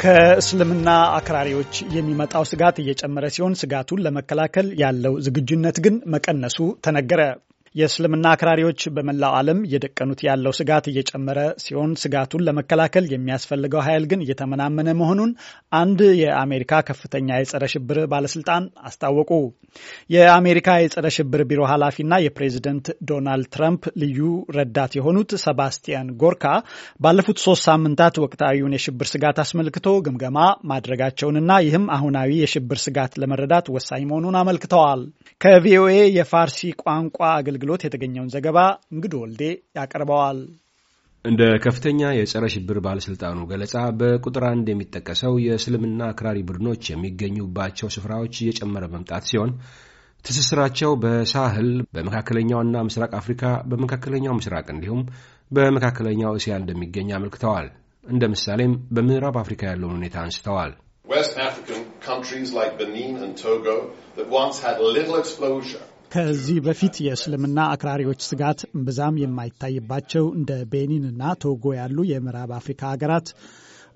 ከእስልምና አክራሪዎች የሚመጣው ስጋት እየጨመረ ሲሆን ስጋቱን ለመከላከል ያለው ዝግጁነት ግን መቀነሱ ተነገረ። የእስልምና አክራሪዎች በመላው ዓለም እየደቀኑት ያለው ስጋት እየጨመረ ሲሆን ስጋቱን ለመከላከል የሚያስፈልገው ኃይል ግን እየተመናመነ መሆኑን አንድ የአሜሪካ ከፍተኛ የጸረ ሽብር ባለስልጣን አስታወቁ። የአሜሪካ የጸረ ሽብር ቢሮ ኃላፊና የፕሬዚደንት ዶናልድ ትራምፕ ልዩ ረዳት የሆኑት ሰባስቲያን ጎርካ ባለፉት ሶስት ሳምንታት ወቅታዊውን የሽብር ስጋት አስመልክቶ ግምገማ ማድረጋቸውንና ይህም አሁናዊ የሽብር ስጋት ለመረዳት ወሳኝ መሆኑን አመልክተዋል። ከቪኦኤ የፋርሲ ቋንቋ አገልግሎት አገልግሎት የተገኘውን ዘገባ እንግዶ ወልዴ ያቀርበዋል። እንደ ከፍተኛ የጸረ ሽብር ባለሥልጣኑ ገለጻ በቁጥር አንድ የሚጠቀሰው የእስልምና አክራሪ ቡድኖች የሚገኙባቸው ስፍራዎች እየጨመረ መምጣት ሲሆን ትስስራቸው በሳህል በመካከለኛውና ምስራቅ አፍሪካ፣ በመካከለኛው ምስራቅ እንዲሁም በመካከለኛው እስያ እንደሚገኝ አመልክተዋል። እንደ ምሳሌም በምዕራብ አፍሪካ ያለውን ሁኔታ አንስተዋል። ዌስት አፍሪካን ካንትሪስ ላይክ በኒን ቶጎ ዋንስ ሃድ ሊትል ከዚህ በፊት የእስልምና አክራሪዎች ስጋት ብዛም የማይታይባቸው እንደ ቤኒን እና ቶጎ ያሉ የምዕራብ አፍሪካ ሀገራት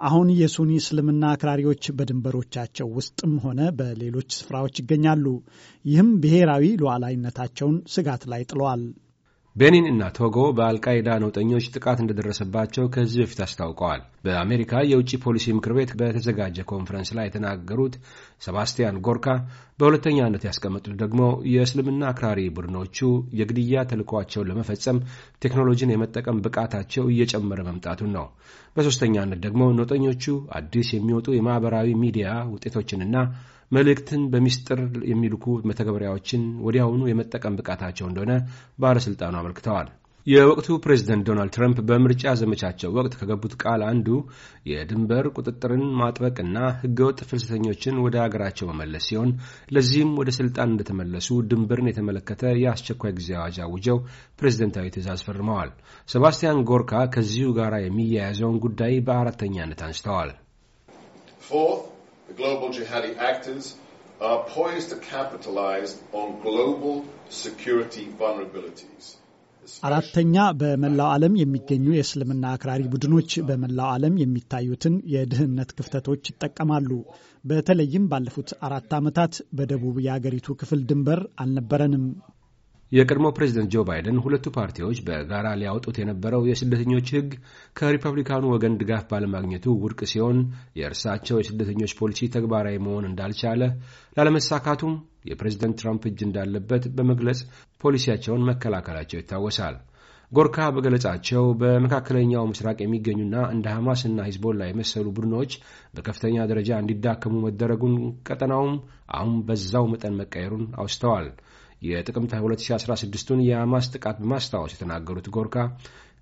አሁን የሱኒ እስልምና አክራሪዎች በድንበሮቻቸው ውስጥም ሆነ በሌሎች ስፍራዎች ይገኛሉ። ይህም ብሔራዊ ሉዓላዊነታቸውን ስጋት ላይ ጥለዋል። ቤኒን እና ቶጎ በአልቃይዳ ነውጠኞች ጥቃት እንደደረሰባቸው ከዚህ በፊት አስታውቀዋል። በአሜሪካ የውጭ ፖሊሲ ምክር ቤት በተዘጋጀ ኮንፈረንስ ላይ የተናገሩት ሰባስቲያን ጎርካ በሁለተኛነት ያስቀመጡት ደግሞ የእስልምና አክራሪ ቡድኖቹ የግድያ ተልዕኳቸውን ለመፈጸም ቴክኖሎጂን የመጠቀም ብቃታቸው እየጨመረ መምጣቱን ነው። በሦስተኛነት ደግሞ ነውጠኞቹ አዲስ የሚወጡ የማኅበራዊ ሚዲያ ውጤቶችንና መልእክትን በሚስጥር የሚልኩ መተግበሪያዎችን ወዲያውኑ የመጠቀም ብቃታቸው እንደሆነ ባለሥልጣኑ አመልክተዋል። የወቅቱ ፕሬዚደንት ዶናልድ ትራምፕ በምርጫ ዘመቻቸው ወቅት ከገቡት ቃል አንዱ የድንበር ቁጥጥርን ማጥበቅና ሕገወጥ ፍልሰተኞችን ወደ አገራቸው መመለስ ሲሆን ለዚህም ወደ ስልጣን እንደተመለሱ ድንበርን የተመለከተ የአስቸኳይ ጊዜ አዋጅ አውጀው ፕሬዚደንታዊ ትእዛዝ ፈርመዋል። ሰባስቲያን ጎርካ ከዚሁ ጋር የሚያያዘውን ጉዳይ በአራተኛነት አንስተዋል። the global jihadi actors are poised to capitalize on global security vulnerabilities. አራተኛ በመላው ዓለም የሚገኙ የእስልምና አክራሪ ቡድኖች በመላው ዓለም የሚታዩትን የድህነት ክፍተቶች ይጠቀማሉ። በተለይም ባለፉት አራት ዓመታት በደቡብ የአገሪቱ ክፍል ድንበር አልነበረንም። የቀድሞ ፕሬዚደንት ጆ ባይደን ሁለቱ ፓርቲዎች በጋራ ሊያወጡት የነበረው የስደተኞች ሕግ ከሪፐብሊካኑ ወገን ድጋፍ ባለማግኘቱ ውድቅ ሲሆን የእርሳቸው የስደተኞች ፖሊሲ ተግባራዊ መሆን እንዳልቻለ ላለመሳካቱም የፕሬዚደንት ትራምፕ እጅ እንዳለበት በመግለጽ ፖሊሲያቸውን መከላከላቸው ይታወሳል። ጎርካ በገለጻቸው በመካከለኛው ምስራቅ የሚገኙና እንደ ሐማስ እና ሂዝቦላ የመሰሉ ቡድኖች በከፍተኛ ደረጃ እንዲዳከሙ መደረጉን ቀጠናውም አሁን በዛው መጠን መቀየሩን አውስተዋል። የጥቅምት 2016ቱን የሐማስ ጥቃት በማስታወስ የተናገሩት ጎርካ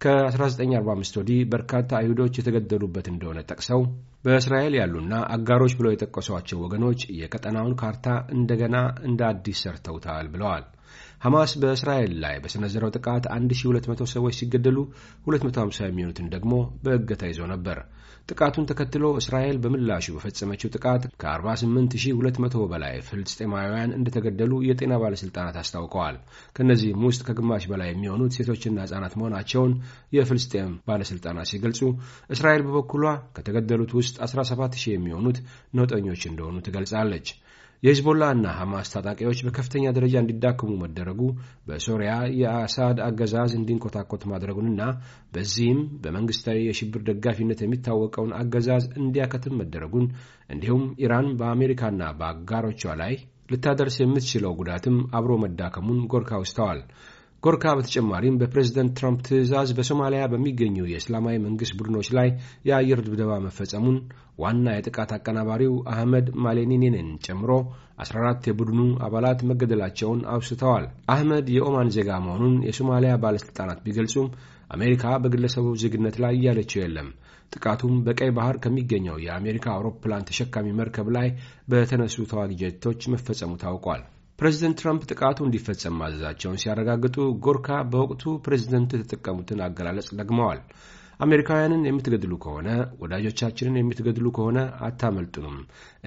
ከ1945 ወዲህ በርካታ አይሁዶች የተገደሉበት እንደሆነ ጠቅሰው በእስራኤል ያሉና አጋሮች ብለው የጠቀሷቸው ወገኖች የቀጠናውን ካርታ እንደገና እንደ አዲስ ሰርተውታል ብለዋል። ሐማስ በእስራኤል ላይ በሰነዘረው ጥቃት 1200 ሰዎች ሲገደሉ 250 የሚሆኑትን ደግሞ በእገታ ይዞ ነበር። ጥቃቱን ተከትሎ እስራኤል በምላሹ በፈጸመችው ጥቃት ከ48200 በላይ ፍልስጤማውያን እንደተገደሉ የጤና ባለሥልጣናት አስታውቀዋል። ከእነዚህም ውስጥ ከግማሽ በላይ የሚሆኑት ሴቶችና ሕፃናት መሆናቸውን የፍልስጤም ባለሥልጣናት ሲገልጹ፣ እስራኤል በበኩሏ ከተገደሉት ውስጥ 17000 የሚሆኑት ነውጠኞች እንደሆኑ ትገልጻለች። የሂዝቦላ እና ሐማስ ታጣቂዎች በከፍተኛ ደረጃ እንዲዳክሙ መደረጉ በሶሪያ የአሳድ አገዛዝ እንዲንኮታኮት ማድረጉንና በዚህም በመንግስታዊ የሽብር ደጋፊነት የሚታወቀውን አገዛዝ እንዲያከትም መደረጉን እንዲሁም ኢራን በአሜሪካና በአጋሮቿ ላይ ልታደርስ የምትችለው ጉዳትም አብሮ መዳከሙን ጎርካ አውስተዋል። ጎርካ በተጨማሪም በፕሬዝደንት ትራምፕ ትዕዛዝ በሶማሊያ በሚገኙ የእስላማዊ መንግሥት ቡድኖች ላይ የአየር ድብደባ መፈጸሙን ዋና የጥቃት አቀናባሪው አህመድ ማሌኒኔንን ጨምሮ 14 የቡድኑ አባላት መገደላቸውን አውስተዋል። አህመድ የኦማን ዜጋ መሆኑን የሶማሊያ ባለሥልጣናት ቢገልጹም አሜሪካ በግለሰቡ ዜግነት ላይ እያለችው የለም። ጥቃቱም በቀይ ባህር ከሚገኘው የአሜሪካ አውሮፕላን ተሸካሚ መርከብ ላይ በተነሱ ተዋጊ ጀቶች መፈጸሙ ታውቋል። ፕሬዚደንት ትራምፕ ጥቃቱ እንዲፈጸም ማዘዛቸውን ሲያረጋግጡ ጎርካ በወቅቱ ፕሬዚደንቱ የተጠቀሙትን አገላለጽ ደግመዋል። አሜሪካውያንን የምትገድሉ ከሆነ ወዳጆቻችንን የምትገድሉ ከሆነ አታመልጡንም፣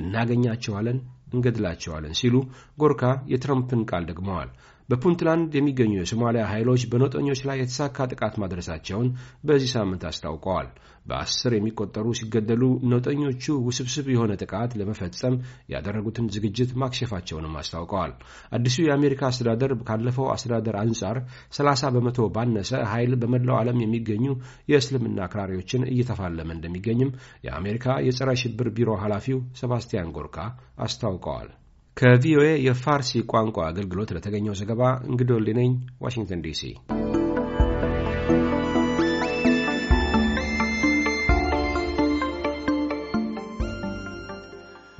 እናገኛቸዋለን፣ እንገድላቸዋለን ሲሉ ጎርካ የትራምፕን ቃል ደግመዋል። በፑንትላንድ የሚገኙ የሶማሊያ ኃይሎች በነውጠኞች ላይ የተሳካ ጥቃት ማድረሳቸውን በዚህ ሳምንት አስታውቀዋል። በአስር የሚቆጠሩ ሲገደሉ ነውጠኞቹ ውስብስብ የሆነ ጥቃት ለመፈጸም ያደረጉትን ዝግጅት ማክሸፋቸውንም አስታውቀዋል። አዲሱ የአሜሪካ አስተዳደር ካለፈው አስተዳደር አንጻር 30 በመቶ ባነሰ ኃይል በመላው ዓለም የሚገኙ የእስልምና አክራሪዎችን እየተፋለመ እንደሚገኝም የአሜሪካ የጸረ ሽብር ቢሮ ኃላፊው ሰባስቲያን ጎርካ አስታውቀዋል። ከቪኦኤ የፋርሲ ቋንቋ አገልግሎት ለተገኘው ዘገባ እንግዶልነኝ ዋሽንግተን ዲሲ